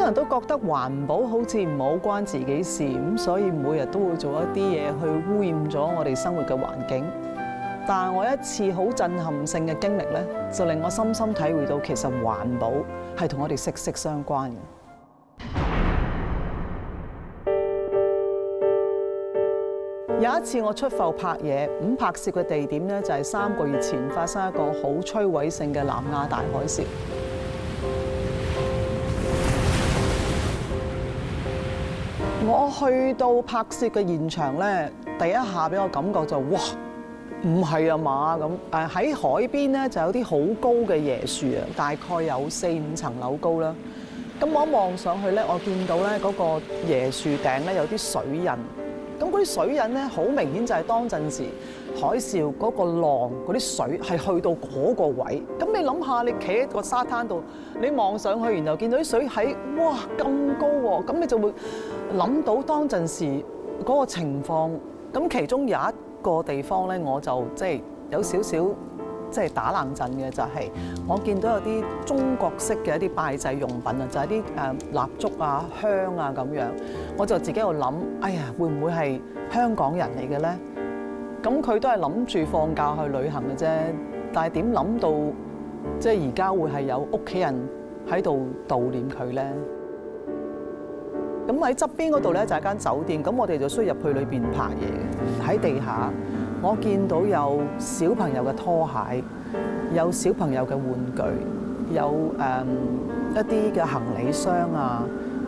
好多人都覺得環保好似唔好關自己事，咁所以每日都會做一啲嘢去污染咗我哋生活嘅環境。但係我一次好震撼性嘅經歷呢，就令我深深體會到其實環保係同我哋息息相關嘅。有一次我出埠拍嘢，咁拍攝嘅地點呢，就係三個月前發生一個好摧毀性嘅南亞大海嘯。我去到拍攝嘅現場咧，第一下俾我感覺就「嘩，唔係啊嘛。」咁誒喺海邊咧就有啲好高嘅椰樹啊，大概有四五層樓高啦。咁我望上去咧，我見到咧嗰個椰樹頂咧有啲水印。咁嗰啲水印咧，好明顯就係當陣時海嘯嗰個浪嗰啲水係去到嗰個位。咁你諗下，你企喺個沙灘度，你望上去，然後見到啲水喺，哇咁高喎！咁你就會諗到當陣時嗰個情況。咁其中有一個地方咧，我就即係有少少。即係打冷震嘅就係，我見到有啲中國式嘅一啲拜祭用品啊，就係啲誒蠟燭啊、香啊咁樣，我就自己喺度諗，哎呀，會唔會係香港人嚟嘅咧？咁佢都係諗住放假去旅行嘅啫，但係點諗到即係而家會係有屋企人喺度悼念佢咧？咁喺側邊嗰度咧就係間酒店，咁我哋就需要入去裏邊拍嘢，喺地下。我見到有小朋友嘅拖鞋，有小朋友嘅玩具，有誒一啲嘅行李箱啊，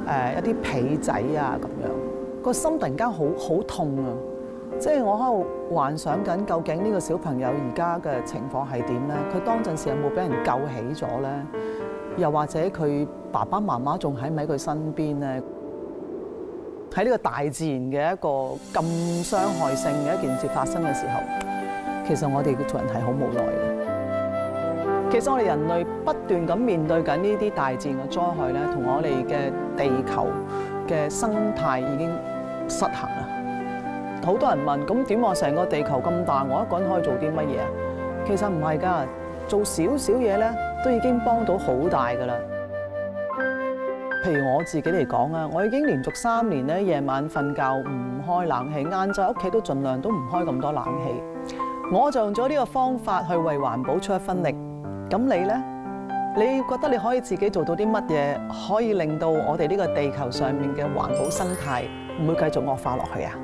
誒一啲被仔啊咁樣，個心突然間好好痛啊！即係我喺度幻想緊，究竟呢個小朋友而家嘅情況係點咧？佢當陣時有冇俾人救起咗咧？又或者佢爸爸媽媽仲喺唔喺佢身邊咧？喺呢個大自然嘅一個咁傷害性嘅一件事發生嘅時候，其實我哋嘅做人係好無奈嘅。其實我哋人類不斷咁面對緊呢啲大自然嘅災害咧，同我哋嘅地球嘅生態已經失衡啦。好多人問：咁點話成個地球咁大，我一個人可以做啲乜嘢啊？其實唔係㗎，做少少嘢咧，都已經幫到好大㗎啦。譬如我自己嚟講啊，我已經連續三年咧，夜晚瞓覺唔開冷氣，晏晝喺屋企都盡量都唔開咁多冷氣。我就用咗呢個方法去為環保出一分力。咁你呢，你覺得你可以自己做到啲乜嘢，可以令到我哋呢個地球上面嘅環保生態唔會繼續惡化落去啊？